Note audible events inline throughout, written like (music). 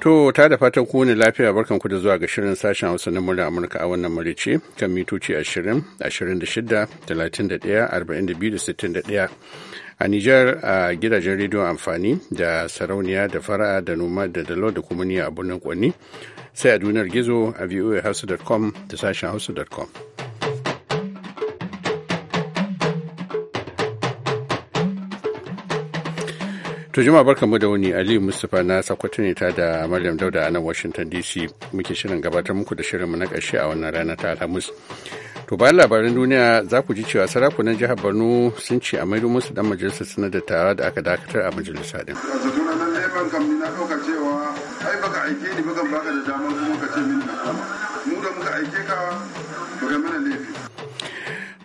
To ta da fatan ku ne lafiya barkan ku da zuwa ga shirin sashen Hausa na murya Amurka a wannan marice kan mitoci 20, 26, 31, 42 da 61. A Nijar a gidajen rediyon amfani da sarauniya da fara'a da noma da dalo da kuma ni a birnin kwanni sai a duniyar gizo a voahausa.com da sashen hausa.com. To jima barka mu da wani Ali Mustapha na sakwato ne ta da Maryam Dauda a nan Washington DC muke shirin gabatar muku da shirinmu na ƙarshe a wannan rana ta Alhamis. To bayan labaran duniya za ku ji cewa sarakunan jihar Borno sun ce a maido musu dan majalisar sanar da tara da aka dakatar a majalisa din.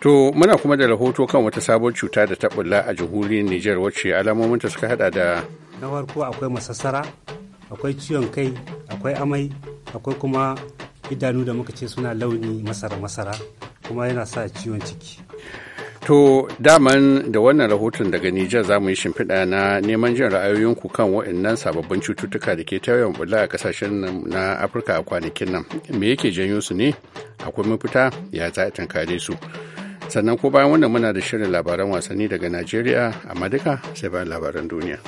To muna kuma da rahoto kan wata sabon cuta da ta bulla a jihuri Nijar wacce alamominta suka hada da na farko akwai masassara akwai ciwon kai akwai amai akwai kuma idanu da muka ce suna launi masara masara kuma yana sa ciwon ciki To daman da wannan rahoton daga Nijar za mu yi shimfiɗa na neman jin ra'ayoyinku kan waɗannan sababbin cututtuka da ke tawayen bulla a ƙasashen na Afirka a kwanakin nan. Me yake janyo su ne? Akwai mafita ya za a tankare su. sannan ko bayan wannan muna da shirin labaran wasanni daga najeriya a duka sai bayan labaran duniya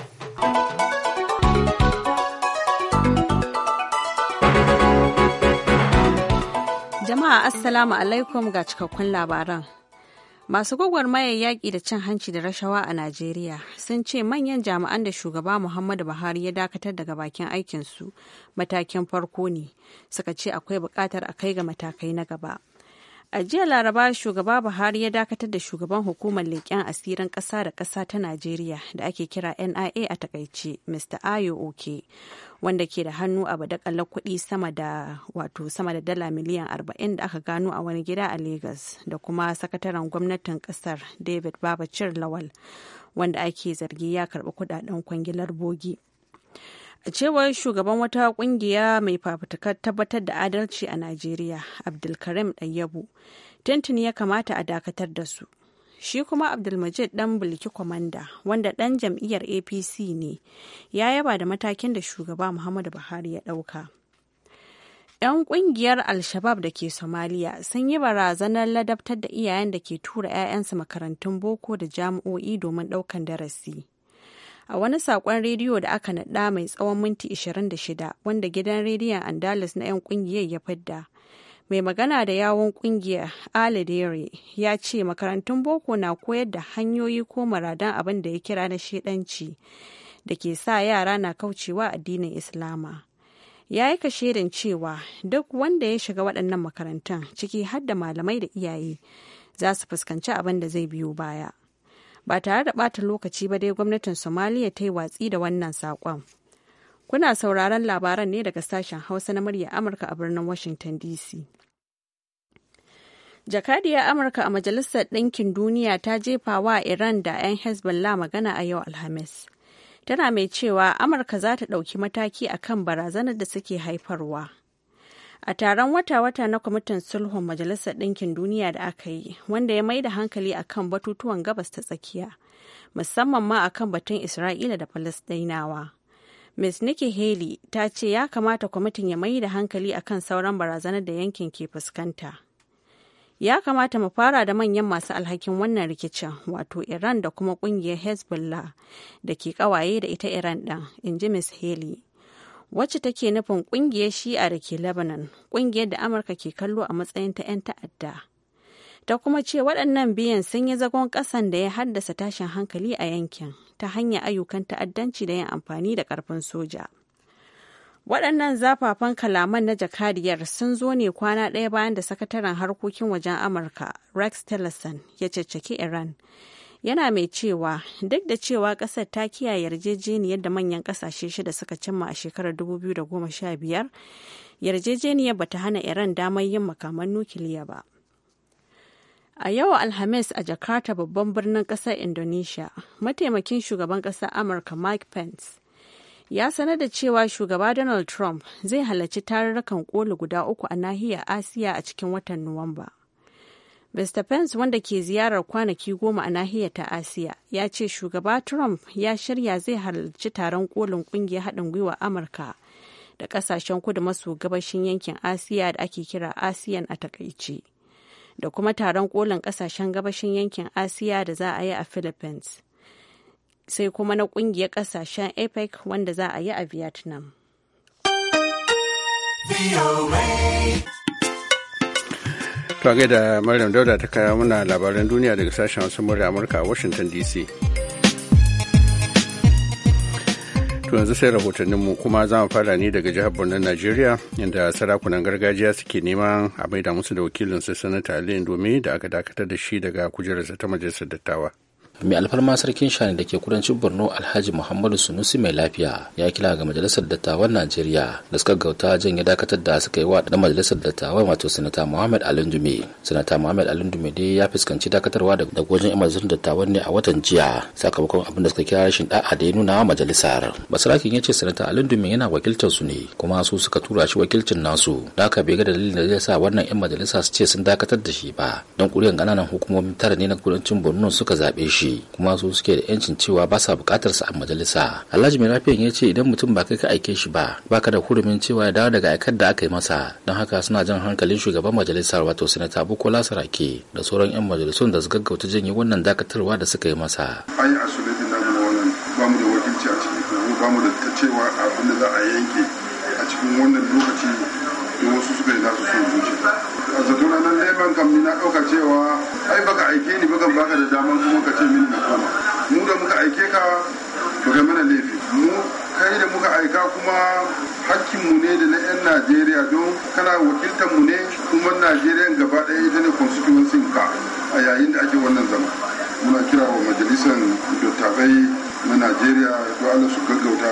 jama'a assalamu alaikum ga cikakkun labaran masu gwagwarmayar yaƙi da cin hanci da rashawa a najeriya sun ce manyan jami'an da shugaba muhammadu buhari ya dakatar daga bakin aikinsu matakin farko ne suka ce akwai buƙatar a kai ga matakai na gaba A jiya Laraba shugaba Buhari ya dakatar da shugaban hukumar leƙen asirin ƙasa da ƙasa ta Najeriya da ake kira NIA a takaice, Mr. Ayo Oke, wanda ke da hannu a badakalar kuɗi sama da wato sama da dala miliyan 40 da aka gano a wani gida a Lagos da kuma sakataren gwamnatin ƙasar David Babacir Lawal, wanda ake zargi ya karɓi kuɗaɗen kwangilar bogi. A cewar shugaban wata kungiya mai fafutukar tabbatar da adalci a Najeriya, Abdulkarim Ɗayyabu, tuntuni ya kamata a dakatar da su. Shi kuma Abdulmajid ɗan Bilki Kwamanda, wanda ɗan jam'iyyar APC ne, ya yaba da matakin da shugaba Muhammadu Buhari ya ɗauka. 'Yan kungiyar alshabab da ke Somaliya sun yi barazanar ladabtar da iyayen da ke tura 'ya'yansu makarantun boko da jami'o'i domin ɗaukan darasi. a wani sakon rediyo da aka naɗa mai tsawon minti 26 wanda gidan rediyon andalus na 'yan kungiyar ya fidda mai magana da yawon kungiyar aladere ya ce makarantun boko na koyar da hanyoyi ko maradan abin da ya kira na shedanci da ke sa yara na kaucewa addinin islama ya yi kashedin cewa duk wanda ya shiga waɗannan makarantun ciki har da malamai da iyaye za su fuskanci abin da zai biyo baya ba tare da ɓata lokaci ba dai gwamnatin somaliya ta yi watsi da wannan saƙon kuna sauraron labaran ne daga sashen hausa na murya amurka a birnin washington dc jakadiyar amurka a majalisar ɗinkin duniya ta jefa wa iran da 'yan hezbollah magana a yau alhamis tana mai cewa amurka za ta ɗauki mataki akan barazanar da suke haifarwa a taron wata-wata na kwamitin sulhun majalisar ɗinkin duniya da aka yi wanda ya mai da hankali a kan batutuwan gabas ta tsakiya musamman ma a kan batun isra'ila da falasdainawa ms nikki haley ta ce ya kamata kwamitin ya mai da hankali a kan sauran barazanar da yankin ke fuskanta ya kamata mu fara da manyan masu alhakin wannan rikicin wato iran da kuma kungiyar hezbollah da ke kawaye da ita iran ɗin in ji ms haley wacce take nufin kungiyar shi'a da ke lebanon kungiyar da amurka ke kallo a matsayin ta 'yan ta'adda ta kuma ce waɗannan biyan sun yi zagon ƙasan da ya haddasa tashin hankali a yankin ta hanyar ayyukan ta'addanci da yin amfani da ƙarfin soja waɗannan zafafan kalaman na jakadiyar sun zo ne kwana ɗaya bayan da sakataren harkokin wajen amurka rex tillerson ya caccaki iran yana mai cewa duk da cewa kasar ta kiyaye yarjejeniyar da manyan kasashe shida suka cimma a shekarar 2015 yarjejeniyar ba ta hana iran damar yin makaman nukiliya ba a yau alhamis a jakarta babban birnin kasar indonesia mataimakin shugaban kasar amurka mike pence ya sanar da cewa shugaba donald trump zai halarci tarurrukan koli guda uku a nahiyar asiya a cikin watan nuwamba Mr. Pence wanda ke ziyarar kwanaki goma a nahiyar ta Asiya ya ce shugaba Trump ya shirya zai halarci taron kolin kungiyar haɗin gwiwa Amurka da ƙasashen kudu maso gabashin yankin Asiya da ake kira ASEAN a takaice da kuma taron kolin ƙasashen gabashin yankin Asiya da za a yi a Philippines sai kuma na kungiyar ƙasashen APEC wanda za a yi a Vietnam. To da Maryam Dauda ta kaya muna labaran duniya daga sashen wasu murya Amurka a Washington DC. To yanzu sai rahotanninmu kuma za mu fara ne daga jihar Borno Najeriya inda sarakunan gargajiya suke neman a maida musu da wakilinsu sanata Ali Indomi da aka dakatar da shi daga kujerarsa ta majalisar dattawa. mai alfarma sarkin shani da ke kudancin borno alhaji muhammadu sunusi mai lafiya ya kira ga majalisar dattawan najeriya da suka gauta janye dakatar da suka yi wa da majalisar dattawan wato sanata muhammad alindumi sanata muhammad alindumi dai ya fuskanci dakatarwa da gwajin majalisar dattawan ne a watan jiya sakamakon abin da suka kira rashin da'a da ya nuna wa majalisar basarakin ya ce sanata alindumi yana wakiltar su ne kuma su suka tura shi wakilcin nasu da aka bai ga dalilin da zai sa wannan yan majalisa su ce sun dakatar da shi ba don kuriyan ƙananan hukumomin tara ne na kudancin borno suka zaɓe shi ce kuma su suke da yancin cewa ba sa bukatar sa a majalisa alhaji mai lafiyan ya ce idan mutum ba kai ka aike shi ba baka da hurumin cewa ya dawo daga aikar da aka yi masa don haka suna jan hankalin shugaban majalisar wato sanata bukola sarake da sauran yan majalisun da su gaggauta janye wannan dakatarwa da suka yi masa an wannan da cewa abin da za a yanke a cikin wannan lokaci da wasu suka yi nasu son zuciya a ranar na nan kam ni na ɗauka cewa ai baka aike ni bakan baka da daman kuma ka ce min na koma mu da muka aike ka baka mana laifi mu kai da muka aika kuma mu ne da na 'yan najeriya don kana mu ne kuma najeriya gaba ɗaya ita ne constituency ka a yayin da ake wannan zama muna kira wa majalisar dattabai na najeriya don allah su gaggauta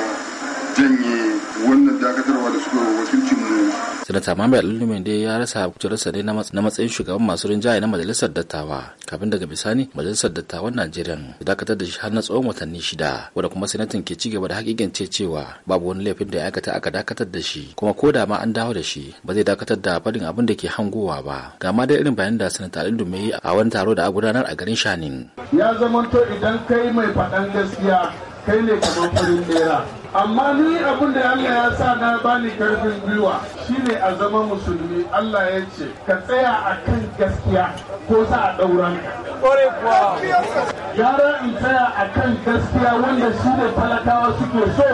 janye wannan dakatarwa da suka wakilcin mu. Sanata Mamman alulumin dai ya rasa kujerarsa ne na matsayin shugaban masu rinjaye na majalisar dattawa kafin daga bisani majalisar dattawan Najeriya ya dakatar da shi har na tsawon watanni shida wanda kuma sanatin ke ci gaba da hakikance cewa babu wani laifin da ya aikata aka dakatar da shi kuma ko da ma an dawo da shi ba zai dakatar da farin abin da ke hangowa ba ga ma dai irin bayanin da Sanata alulumin yi a wani taro da a gudanar a garin Shanin. Ya zamanto idan kai mai faɗan gaskiya kai ne kamar farin bera amma ni abin da Allah ya sa na bani karfin gwiwa shine a zama musulmi Allah ya ce ka tsaya a kan gaskiya ko sa a ɗauran Gara in tsaya a kan gaskiya wanda shi ne talakawa suke so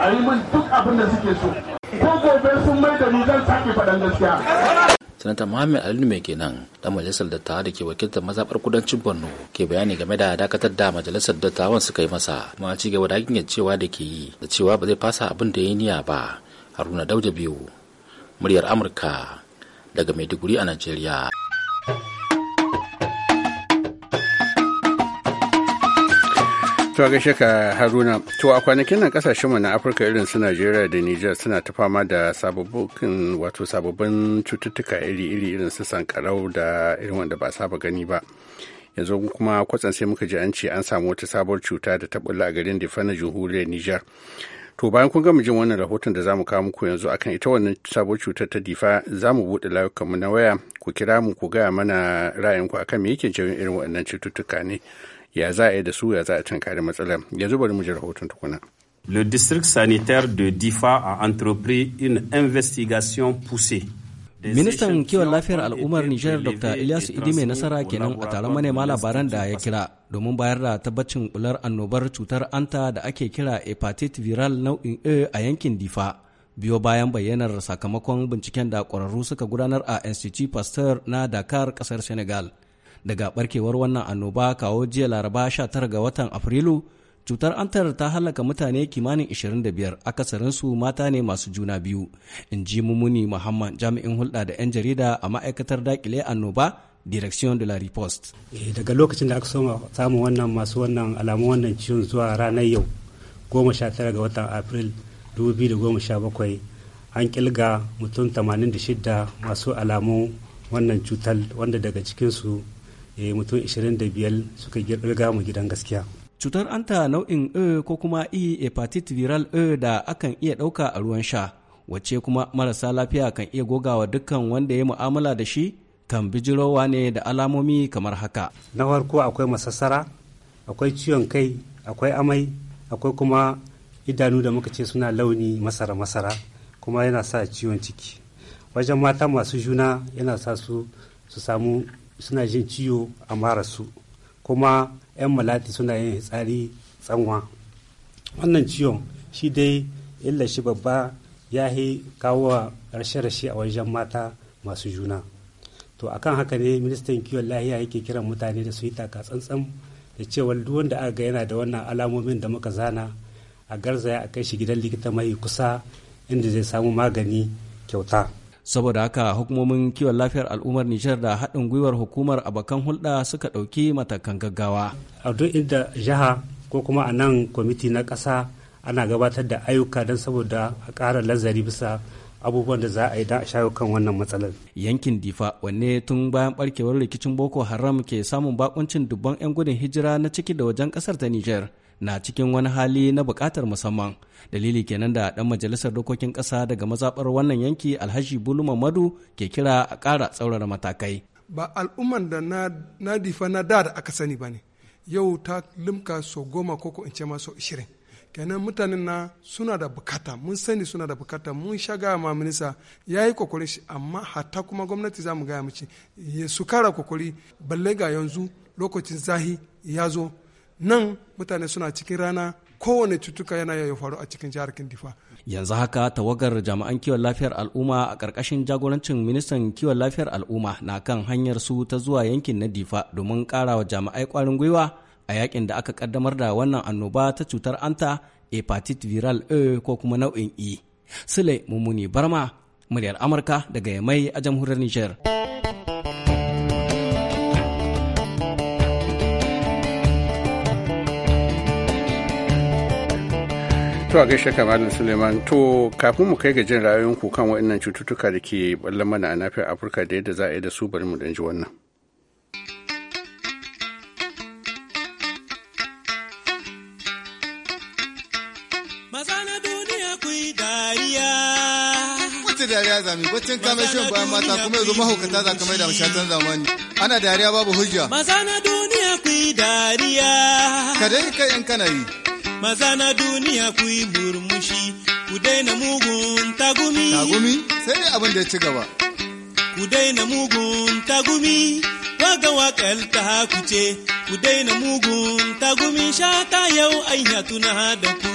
a yi min duk abin da suke so ko gobe sun mai da ni zan sake faɗan gaskiya sanata muhammad alinu mai kenan dan majalisar dattawa da ke wakiltar mazaɓar kudancin borno ke bayani game da dakatar da majalisar dattawan suka yi masa kuma ci gaba da hakin cewa da ke yi da cewa ba zai fasa abin da ya yi niyya ba haruna dauda biyu muryar amurka daga maiduguri a najeriya To gaishe ka Haruna, to a kwanakin nan mu na Afirka irin su Najeriya da Nijar suna ta fama da sababbin wato sababbin cututtuka iri-iri irin su sankarau da irin wanda ba saba gani ba. Yanzu kuma kwatsan sai muka ji an ce an samu wata sabuwar cuta da ta bulla a garin Difa na jihuriyar Nijar. To bayan kun gama jin wannan rahoton da za mu kawo muku yanzu akan ita wannan sabuwar cutar ta difa za mu buɗe mu na waya ku kira mu ku gaya mana ra'ayinku akan me yake jawin irin waɗannan cututtuka ne ya za a yi da su ya za a tunkari matsalar yanzu bari mu ji rahoton tukuna Le district sanitaire de Difa a entrepris une investigation poussée Ministan kiwon lafiyar al'ummar Nijar Dr. Ilyasu Idi nasara kenan a taron manema labaran da ya kira domin bayar da tabbacin bular annobar cutar anta da ake kira hepatitis viral nau'in A a yankin Difa. Biyo bayan bayyanar sakamakon binciken da ƙwararru suka gudanar a Institut Pasteur na Dakar ƙasar Senegal. daga barkewar wannan annoba kawo jiya laraba 19 ga watan afrilu cutar antar ta halaka mutane kimanin 25 akasarinsu mata ne masu juna biyu in ji mumuni muhammad jami'in hulɗa da 'yan jarida a ma'aikatar dakile annoba direction de la riposte eh, daga lokacin da aka soma samun wannan masu wannan alamu wannan ciwon zuwa ranar yau 19 ga watan april 2017 an kilga mutum 86 masu alamu wannan cutar wanda daga cikinsu Eh, mutum 25 suka riga mu gidan gaskiya cutar anta nau'in e ko kuma e hepatit viral e da akan iya ɗauka a ruwan sha wacce kuma marasa lafiya kan iya gogawa dukkan wanda ya mu'amala da shi kan bijirowa ne da alamomi kamar haka na farko akwai masassara akwai ciwon kai akwai amai akwai kuma idanu da muka ce suna launi masara masara kuma yana sa ciwon ciki wajen mata masu juna yana sa su su samu suna jin ciwo a mara su kuma 'yan malati suna yin tsari tsanwa wannan ciwon shi dai illa shi babba ya yi kawo rashe-rashe a wajen mata masu juna to a kan haka ne ministan kiwon lahiya yake kiran mutane da su yi taka tsantsan da cewa duk wanda aka ga yana da wannan alamomin da muka zana a garzaya a kai shi gidan likita mai kusa inda zai samu magani kyauta saboda haka hukumomin kiwon lafiyar al'ummar nijar da haɗin gwiwar hukumar abokan hulɗa suka ɗauki matakan gaggawa a duk inda jiha ko kuma a nan kwamiti na ƙasa ana gabatar da ayyuka don saboda a ƙara lazari bisa abubuwan da za a yi da a shayo kan wannan matsalar yankin difa wanne tun bayan barkewar rikicin boko haram ke samun bakuncin dubban 'yan gudun hijira na ciki da wajen ƙasar ta nijar na cikin wani hali na bukatar musamman dalili kenan da dan majalisar dokokin ƙasa daga mazabar wannan yanki alhaji bulu mamadu ke kira a kara tsaurara matakai ba al'umman da na difa na da da aka sani ba ne yau ta limka so goma koko in ce ma so ishirin kenan mutanen na suna da bukata mun sani suna da bukata mun shaga gaya ma minista ya yi kokori shi amma hatta kuma gwamnati za mu gaya mace su kara kokori balle ga yanzu lokacin zahi ya zo nan mutane suna cikin rana kowane cutuka yana ya faru a cikin jihar Kindifa. Yanzu haka tawagar jami'an kiwon lafiyar al'umma a ƙarƙashin jagorancin ministan kiwon lafiyar al'umma na kan hanyar su ta zuwa yankin na Difa domin ƙara wa jami'ai ƙwarin gwiwa a yakin da aka kaddamar da wannan annoba ta cutar anta hepatitis viral A ko kuma nau'in E. Sule Mummuni Barma, muryar Amurka daga Yamai a jamhuriyar Nijar. To a gaishe ka Malam Suleiman to kafin mu kai ga jin ra'ayoyin ku kan waɗannan cututtuka da ke ballan mana a nafiyar Afirka da yadda za a yi da su bari mu ji wannan. dariya zami baccin kamar shan bayan mata kuma yanzu mahaukata za ka mai da mashatan zamani ana dariya babu hujja maza na duniya ku dariya ka dai kai in kana yi maza na duniya ku yi murmushi ku daina mugun tagumi tagumi sai abin da ya ci gaba ku daina mugun tagumi waga wakal ta ku ce ku daina mugun tagumi shata yau an tuna da ku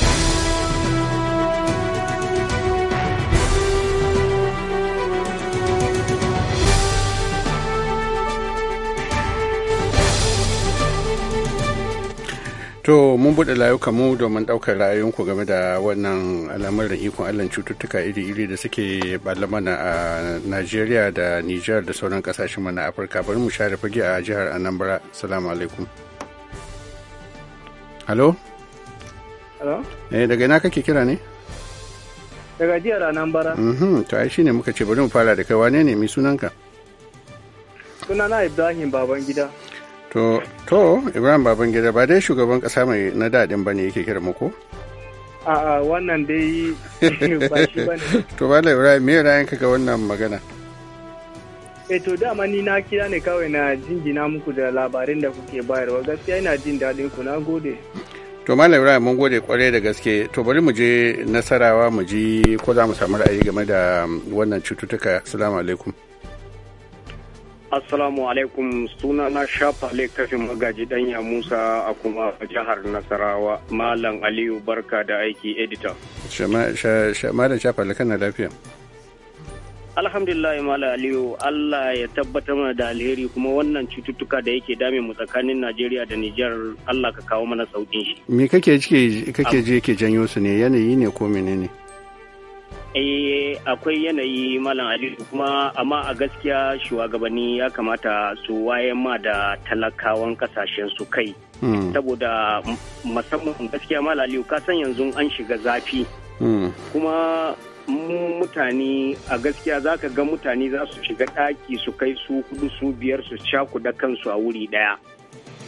To mun buɗe layuka mu domin ɗaukar ra'ayinku game da wannan al'amuran ikon allan cututtuka iri-iri da suke ballamana a Najeriya da Nijar da sauran ƙasashen mana Afirka. Bari mu share fage a jihar Anambra. Salamu alaikum. Halo? Eh daga ina kake kira ne? Daga jihar Anambra. Mhm, to ai shine muka ce bari mu fara da kai wane ne mai sunanka? Sunana Ibrahim Babangida. To, to, Ibrahim Babangida ba dai shugaban kasa mai na daɗin ba ne yake kira muku? A'a wannan dai (laughs) ba shi ba ne. (laughs) To, Bala Ibrahim, me ra'ayin ka ga wannan magana? E to dama ni na kira ne kawai na jingina muku da labarin da kuke bayarwa gaskiya ina jin daɗin ku na gode. To Malam Ibrahim mun gode kwarai da gaske to bari mu je nasarawa mu ji ko za mu samu ra'ayi game da wannan cututtuka. Assalamu alaikum. Assalamu alaikum suna na shafa kafin magaji danya Musa a kuma jihar Nasarawa Malam Aliyu barka da aiki editor. Malam shafa na lafiya. Alhamdulillah Malam Aliyu Allah ya tabbatar mana da alheri kuma wannan cututtuka da yake dame mu tsakanin Najeriya da Nijar Allah ka kawo mana sauƙin shi. Me kake kake ji yake janyo su ne yanayi ne ko menene? Eh akwai yanayi Malam Aliyu kuma amma a gaskiya shugabanni ya kamata su waya ma da talakawan kasashen su kai. Hmm. Saboda musamman gaskiya Malam Aliyu ka san yanzu an shiga zafi. Hmm. Kuma mutane a gaskiya za ka ga mutane za su shiga ɗaki su kai su hudu su biyar su da kansu a wuri ɗaya.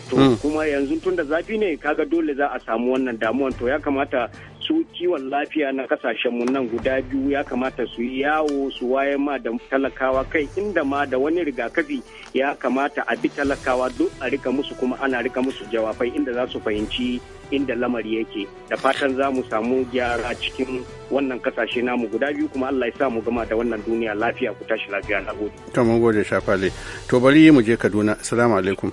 to hmm. kuma yanzu tun da zafi ne kaga dole za a samu wannan damuwan to ya kamata su kiwon lafiya na kasashenmu nan guda biyu ya kamata su yi yawo su waye ma da talakawa kai inda ma da wani rigakafi ya kamata a bi talakawa duk a rika musu kuma ana rika musu jawabai inda za su fahimci inda lamari yake da fatan za mu samu gyara cikin wannan kasashe namu guda biyu kuma Allah ya sa mu gama da wannan duniya lafiya ku tashi lafiya na gode. To mun gode Shafale. To bari mu je Kaduna. Assalamu alaikum.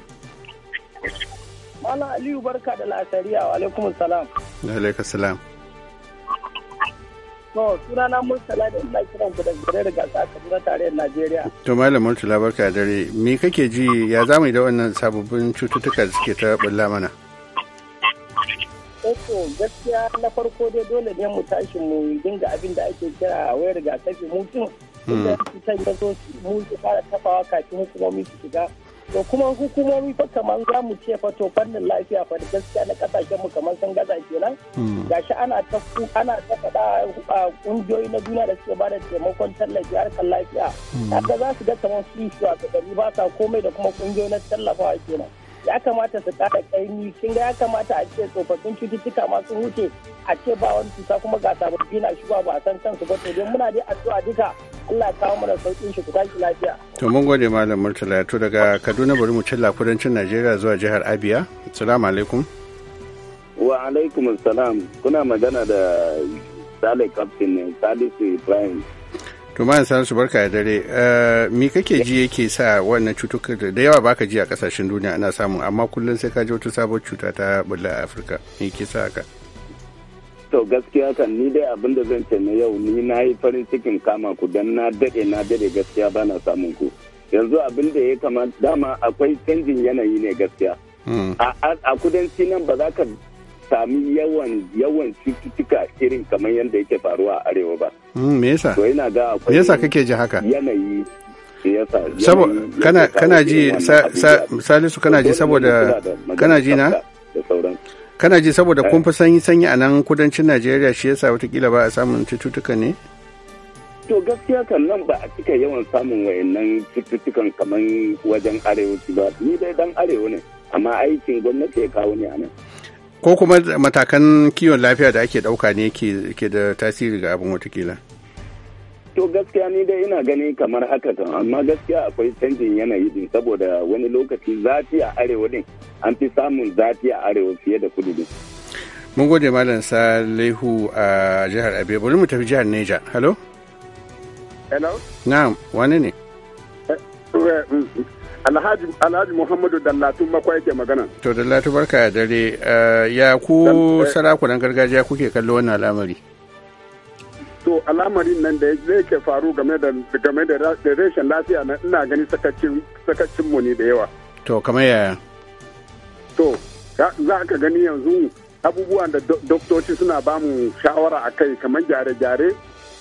Mala Aliyu barka da lasariya wa alaikum salam. Da alaikum salam. To sunana Murtala da ina kiran ku da gare da gasa Kaduna tarayyar Najeriya. To Malam Murtala barka dare. Me kake ji ya zamu da wannan sababbin cututtuka da suke ta bulla mana? Eto eh, gaskiya na farko dai dole ne mu tashi mu dinga abin da ake kira wayar ke mutum. Hmm. Inda ya zo mu fara tafawa kafin hukumomi su shiga to kuma hukumomi fa kamar za mu ce fa to fannin lafiya fa da gaskiya na kasashen mu kamar san gaza kenan hmm. gashi ana ta ana ta faɗa kungiyoyi na duniya da suke bada taimakon tallafi harkar lafiya hmm. haka za su ga kamar su shugabanni ba sa komai da kuma kungiyoyi na tallafawa kenan ya kamata su kara ƙa'imi kin ga ya kamata a ce tsofaffin cututtuka masu huce a ce ba wani cuta kuma ga sababbi na shigowa ba san kansu ba to don muna dai addu'a duka Allah ya kawo mana sauƙin shi ku tashi lafiya to mun gode malam Murtala to daga Kaduna bari mu cilla kudancin Najeriya zuwa jihar Abia assalamu alaikum wa alaikum kuna magana da salih Captain ne Salisu Ibrahim to bayan su barka ya dare eh, mi kake ji yake sa wannan cutuka da yawa baka ji a kasashen duniya ana samu amma kullum sai ka ji wata sabon cuta ta bulla a afirka me ke sa haka to gaskiya kan ni dai abin da zan ce na yau ni na yi farin cikin kama ku dan na dade na dade gaskiya ba na samun ku yanzu abin da ya kama dama akwai canjin yanayi ne gaskiya hmm. a kudanci nan ba za ka sami yawan yawan cututtuka irin kamar yadda yake faruwa a arewa ba Mm, me yasa to ina akwai yasa kake ji haka yanayi saboda kana ji kana ji saboda kana ji na kana ji saboda kun fi eh. sanyi sanyi a nan kudancin Najeriya shi yasa watakila ba a samun cututtuka ne to gaskiya kan nan ba a cika yawan samun wayannan cututtukan kamar wajen arewaci ba ni dai dan arewa ne amma aikin gwamnati ya kawo ne a nan ko kuma matakan kiwon lafiya da ake ɗauka ne ke da tasiri ga abin watakila to gaskiya ni dai ina gani kamar haka kan amma gaskiya akwai canjin yanayi din saboda wani lokaci zafi a arewa din an fi samun zafi a arewa fiye da kudu din mun gode malam salihu a jihar abe bari mu tafi jihar neja hello hello na wani ne eh, eh, mm, Alhaji Alhaji Muhammadu Dallatu Makwai ke magana. To Dallatu barka da dare eh, ya ku eh, sarakunan gargajiya kuke kallo wannan al'amari. To al'amarin nan da zai ke faru game da game da rashin lafiya na ina gani sakacin sakacin mu ne da yawa. To kamar ya. To za ka gani yanzu abubuwan da doktoci suna bamu shawara a kai kamar gyare-gyare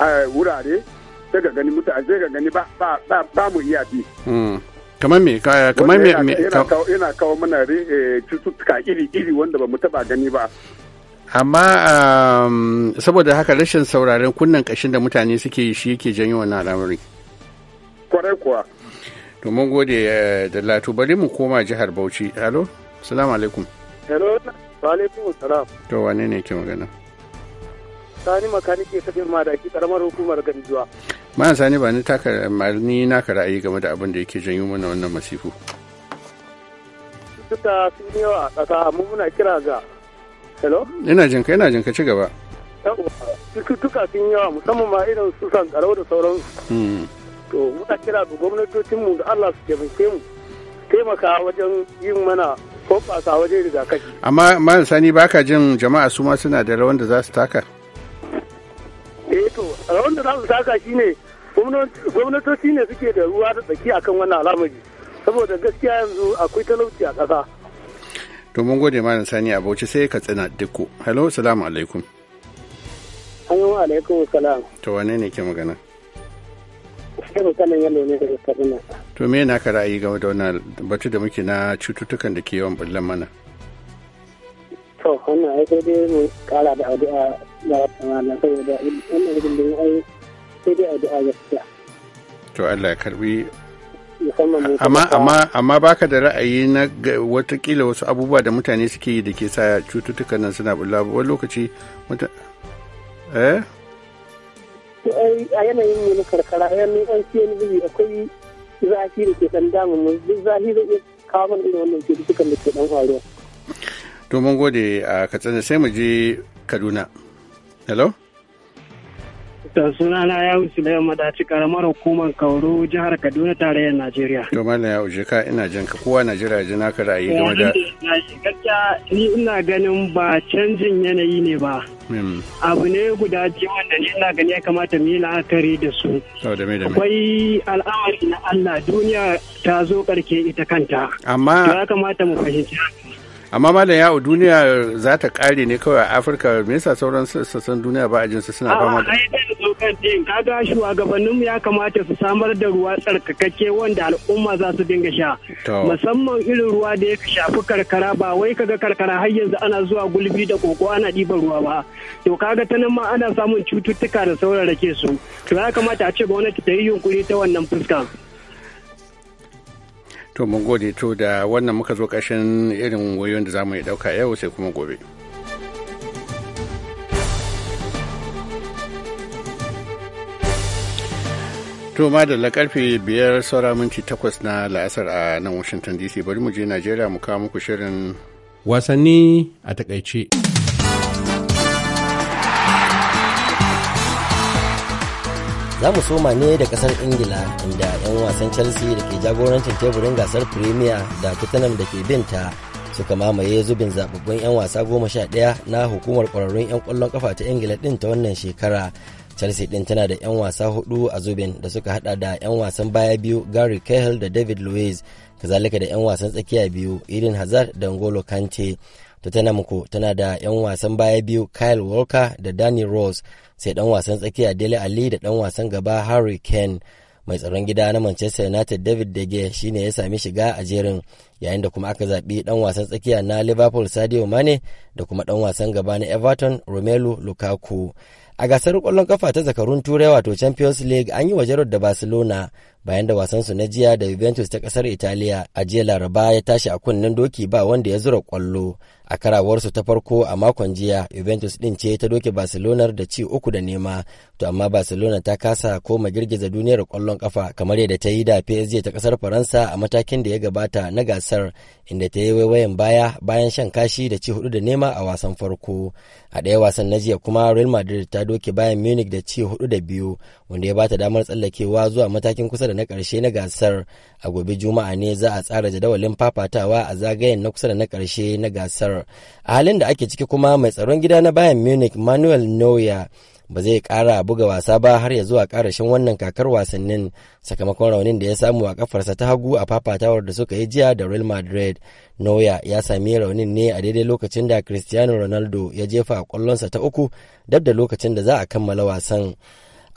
a wurare sai ka gani mutane sai ka gani ba mu iya bi. Hmm. kamar me kamar me yana kawo mana eh, cututtuka iri-iri wanda ba mu taba gani ba amma um, saboda haka rashin sauraren kunnen kashin da mutane suke yi shi yake janyo wannan al'amari kwarai kuwa domin gode eh, da latu bari mu koma jihar bauchi halo assalamu alaikum hello wa alaikum assalam to wane ne ke magana sani makanike da madaki karamar hukumar ganjuwa ma sani ba ni taka ni ka ra'ayi game da abin da yake janyo mana wannan masifu suka sun yawa a tsaka amma muna kira ga hello ina jin ka ina jin ka ci gaba cututtuka sun yi yawa musamman ma irin su sankarau da sauransu hmm. to muna kira ga gwamnatocinmu da allah su taimake mu taimaka wajen yin mana hoɓasa wajen rigakafi amma ma sani baka jin jama'a su ma suna da rawan da za su taka eh to rawar da za su taka shine gwamnatoci ne suke da ruwa da tsaki akan wannan al'amari saboda gaskiya yanzu akwai talauci a ƙasa to mun gode malam sani a bauchi sai ka tsina dukku hello salamu alaikum hello alaikum salam to wane ne ke magana sai mutanen yalo ne daga kaduna to me na ka ra'ayi game da wannan batu da muke na cututtukan da ke yawan bullan mana to wannan ai dai mu kara da addu'a ba wata mala saboda wannan gudun da ai sai dai addu'a gaskiya to Allah ya karbi amma amma amma baka da ra'ayi na watakila wasu abubuwa da mutane suke yi da ke sa cututtuka nan suna bulla wani lokaci eh a yanayin ne na karkara yanayin an ce ni bi akwai zafi da ke dan damun mu duk zafi da ke kawo mana irin wannan cututtukan da ke dan faruwa to mun gode a katsina sai mu je kaduna hello Ta suna ya wuce sulaiman Madaci karamar hukumar kauru jihar kaduna tarayyar najeriya to malam ya ka ina jin ka kowa najeriya ji naka ra'ayi game da gaskiya ni ina ganin ba canjin yanayi ne ba hmm. abu ne guda biyu wanda ni ina gani ya kamata mu yi la'akari da su akwai al'amari na allah duniya ta zo karke ita kanta amma ya kamata mu fahimci haka amma malam yawo duniya za ta kare ne kawai a afirka me yasa sauran sassan duniya ba a jin su suna fama da kaga shugabannin ya kamata su samar da ruwa tsarkakakke wanda al'umma za su dinga sha musamman irin ruwa da ya shafi karkara ba wai kaga karkara har yanzu ana zuwa gulbi da koko ana ɗiban ruwa ba to kaga ta nan ma ana samun cututtuka da rake su to ya kamata a ce gwamnati ta yi yunkuri ta wannan fuska to mun gode to da wannan muka zo ƙarshen irin wayoyin da zamu yi ɗauka yau sai kuma gobe. to madalla karfe biyar saura minti takwas na la'asar a nan washington dc bari mu je najeriya mu kawo muku shirin wasanni a takaice. za mu soma ne da kasar ingila inda 'yan wasan chelsea da ke jagorancin teburin gasar premier da tottenham da ke binta suka mamaye zubin zababbun 'yan wasa goma sha ɗaya na hukumar kwararrun 'yan kwallon kafa ta ingila din ta wannan shekara chelsea din tana da 'yan wasa hudu a zubin da suka hada da 'yan wasan baya biyu gary cahill da david luiz kazalika da 'yan wasan tsakiya biyu irin hazard da ngolo kante tottenham ko tana da 'yan wasan baya biyu kyle walker da danny rose sai dan wasan tsakiya dele ali da dan wasan gaba harry kane mai tsaron gida na manchester united david de dege shine ya sami shiga a jerin yayin da kuma aka zaɓi ɗan wasan tsakiya na liverpool sadio mane da kuma ɗan wasan gaba na everton romelu lukaku a gasar kwallon kafa ta zakarun turai wato champions league an yi wa da barcelona bayan da wasansu na jiya da juventus ta kasar italiya a jiya laraba ya tashi a kunnen doki ba wanda ya zura kwallo a karawarsu ta farko a makon jiya juventus din ce ta doke barcelona da ci uku da nema to amma barcelona ta kasa koma girgiza duniyar kwallon kafa kamar yadda ta yi da psg ta kasar faransa a matakin da ya gabata na gasar gasar inda ta yi waiwayen baya bayan shan kashi da ci hudu da nema a wasan farko a ɗaya wasan na jiya kuma real madrid ta doke bayan munich da ci hudu da biyu wanda ya bata damar tsallakewa zuwa matakin kusa da na ƙarshe na gasar a gobe juma'a ne za a tsara jadawalin fafatawa a zagayen na kusa da na ƙarshe na gasar a halin da ake ciki kuma mai tsaron gida na bayan munich manuel neuer ba zai kara buga wasa ba har ya zuwa ƙarashin wannan kakar wasannin sakamakon raunin da ya samu a kafarsa ta hagu a fafatawar da suka yi jiya da Real Madrid. noya ya sami raunin ne a daidai lokacin da Cristiano Ronaldo ya jefa kwallonsa ta uku dab da lokacin da za a kammala wasan.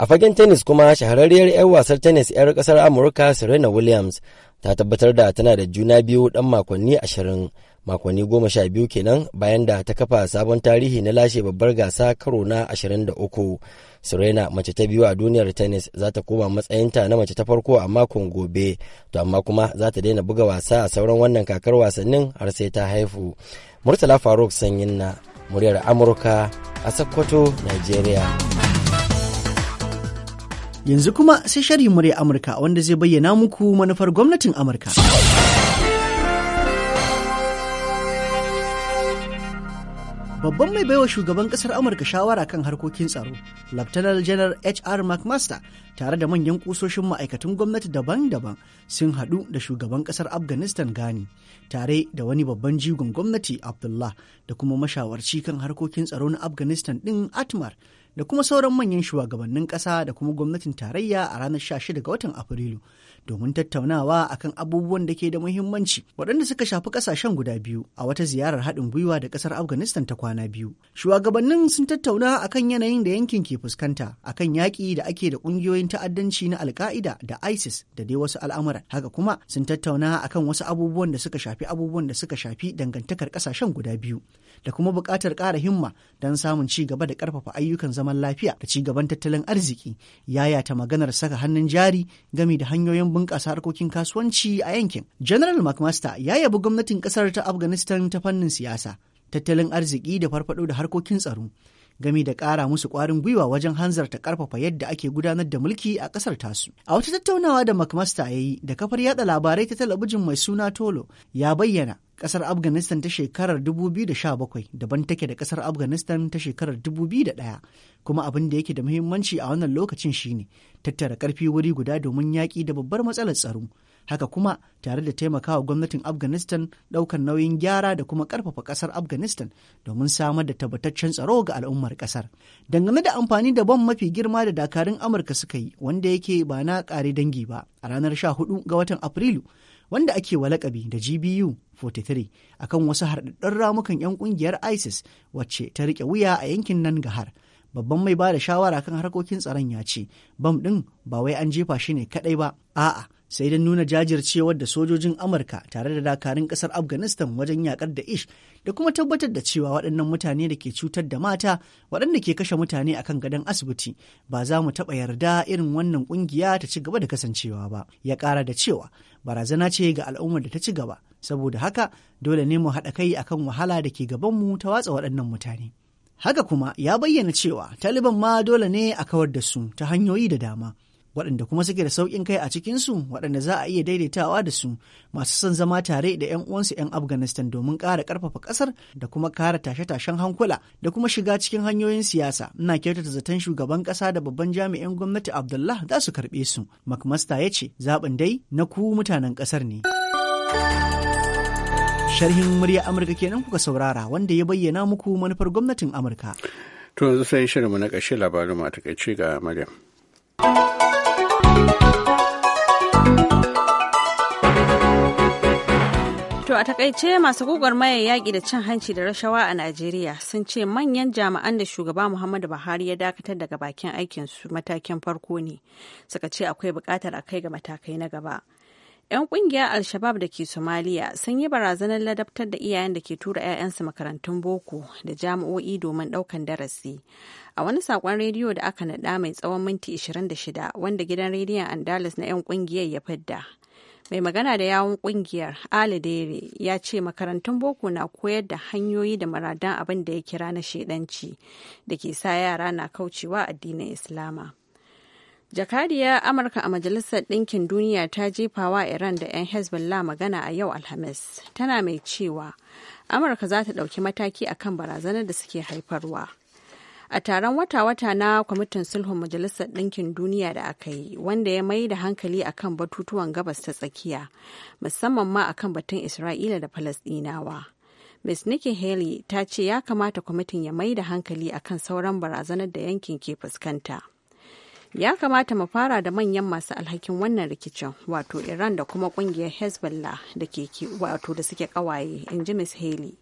A fagen tennis kuma shahararriyar 'yar wasar tennis 'yar kasar Amurka Serena Williams ta tabbatar da tana da juna biyu dan makonni ashirin. makonni goma sha biyu kenan bayan da ta kafa sabon tarihi na lashe babbar gasa karo na 23 serena mace ta biyu a duniyar tennis za ta koma matsayinta na mace ta farko a makon gobe to amma kuma za ta daina buga wasa a sauran wannan kakar wasannin har sai ta haifu murtala faruk sanyin na muryar amurka a sokoto nigeria yanzu kuma sai shari murya amurka wanda zai bayyana muku manufar gwamnatin amurka babban mai baiwa shugaban kasar amurka shawara kan harkokin tsaro laftanar janar hr mcmaster tare da manyan kusoshin ma'aikatan gwamnati daban-daban sun hadu da shugaban kasar afghanistan gani tare da wani babban jigon gwamnati abdullah da kuma mashawarci kan harkokin tsaro na afghanistan din atmar da kuma sauran manyan shugabannin ƙasa da kuma gwamnatin tarayya a ranar 16 ga watan Afrilu domin tattaunawa akan abubuwan da ke da muhimmanci waɗanda suka shafi ƙasashen guda biyu a wata ziyarar haɗin gwiwa da ƙasar Afghanistan ta kwana biyu. Shugabannin sun tattauna akan yanayin da yankin ke fuskanta akan yaƙi da ake da ƙungiyoyin ta'addanci na alka'ida da ISIS da dai wasu al'amuran. Haka kuma sun tattauna akan wasu abubuwan da suka shafi abubuwan da suka shafi dangantakar ƙasashen guda biyu. da kuma buƙatar ƙara himma don samun ci gaba da ƙarfafa ayyukan zaman lafiya da ci gaban tattalin arziki ta maganar saka hannun jari gami da hanyoyin bunƙasa harkokin kasuwanci a yankin. General McMaster ya yabi gwamnatin ƙasar ta Afghanistan ta fannin siyasa, tattalin arziki da farfaɗo da harkokin tsaro. gami da ƙara musu ƙwarin gwiwa wajen hanzarta ƙarfafa yadda ake gudanar da mulki a ƙasar tasu. A wata tattaunawa da McMaster ya yi da kafar yada labarai ta talabijin mai suna Tolo ya bayyana ƙasar Afghanistan ta shekarar 2017 daban take da ƙasar Afghanistan ta shekarar 2001 kuma abin da yake da muhimmanci a wannan lokacin shine tattara ƙarfi wuri guda domin yaƙi da babbar matsalar tsaro. haka kuma tare da taimakawa gwamnatin afghanistan ɗaukar nauyin gyara da kuma karfafa kasar afghanistan domin samar da tabbataccen tsaro ga al'ummar kasar. dangane da amfani da bom mafi girma da dakarun amurka suka yi wanda yake ba na kare dangi ba a ranar 14 ga watan afrilu wanda ake wa lakabi da gbu 43 akan wasu harɗaɗɗen ramukan 'yan ƙungiyar isis wacce ta rike wuya a yankin nan gahar babban mai ba da shawara kan harkokin tsaron ya ce bam ɗin ba wai an jefa shi ne kaɗai ba a'a sai don nuna jajircewar da sojojin amurka tare da dakarun kasar afghanistan wajen yakar da ish da kuma tabbatar da cewa waɗannan mutane da ke cutar da mata waɗanda ke kashe mutane akan gadon asibiti ba za mu taɓa yarda irin wannan ƙungiya ta ci gaba da kasancewa ba ya kara da cewa barazana ce ga al'ummar da ta ci gaba saboda haka dole ne mu haɗa kai akan wahala da ke gabanmu ta watsa waɗannan mutane haka kuma ya bayyana cewa taliban ma dole ne a kawar da su ta hanyoyi da dama waɗanda kuma suke da sauƙin kai a cikinsu waɗanda za a iya daidaitawa da su masu son zama tare da 'yan uwansu 'yan afghanistan domin ƙara ƙarfafa ƙasar da kuma ƙara tashe-tashen hankula da kuma shiga cikin hanyoyin siyasa ina kyautata zaton shugaban ƙasa da babban jami'in gwamnati abdullah za su karɓe su mcmaster ya ce zaɓin dai na ku mutanen ƙasar ne. sharhin murya amurka kenan kuka saurara wanda ya bayyana muku manufar gwamnatin amurka. to yanzu sai shirinmu na ƙarshe labarin takaice ga maryam. To a takaice masu maye yaƙi da cin hanci da rashawa a Najeriya sun ce manyan jami'an da shugaba Muhammadu Buhari ya dakatar daga bakin aikinsu matakin farko ne. Suka ce akwai buƙatar a kai ga matakai na gaba. 'Yan kungiyar alshabab da ke somaliya sun yi barazanar ladabtar da iyayen da ke tura 'ya'yansu makarantun boko da jami'o'i domin ɗaukan darasi. A wani sakon rediyo da aka naɗa mai tsawon minti 26 wanda gidan rediyon Andalus na 'yan kungiyar ya fidda. Mai magana da yawon kungiyar Ali Dere ya ce makarantun boko na koyar da hanyoyi da maradan abin da ya kira na shedanci da ke sa yara na kaucewa addinin Islama. jakadiyar amurka a majalisar ɗinkin duniya ta jefawa iran da 'yan hezbollah magana a yau alhamis tana mai cewa amurka za ta ɗauki mataki a kan barazanar da suke haifarwa a taron wata-wata na kwamitin sulhun majalisar ɗinkin duniya da aka yi wanda ya mai da hankali akan batutuwan gabas ta tsakiya musamman ma akan batun isra'ila da falasɗinawa Ms. Nikki Haley ta ce ya kamata kwamitin ya mai da hankali akan sauran barazanar da yankin ke fuskanta. ya kamata mu fara da manyan masu alhakin wannan rikicin wato iran da kuma kungiyar hezbollah da ke wato da suke kawaye in ji miss haley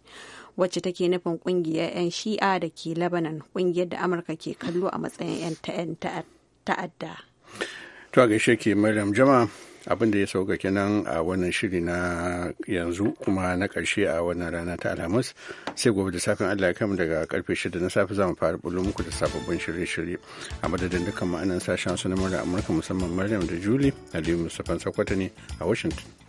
wacce take nufin kungiyar 'yan shi'a da ke lebanon kungiyar da amurka ke kallo a matsayin 'yan ta'adda to a gaishe ke maryam jama'a abin da ya sauka kenan a wannan shiri na yanzu kuma na ƙarshe a wannan rana ta alhamis sai gobe da safin allah ya kama daga karfe shida na safe zamu fara bulo muku da sababbin shirye-shirye a madadin dukkan ma'anan sashen su na amurka musamman maryam da juli aliyu mustapha sakwata ne a washington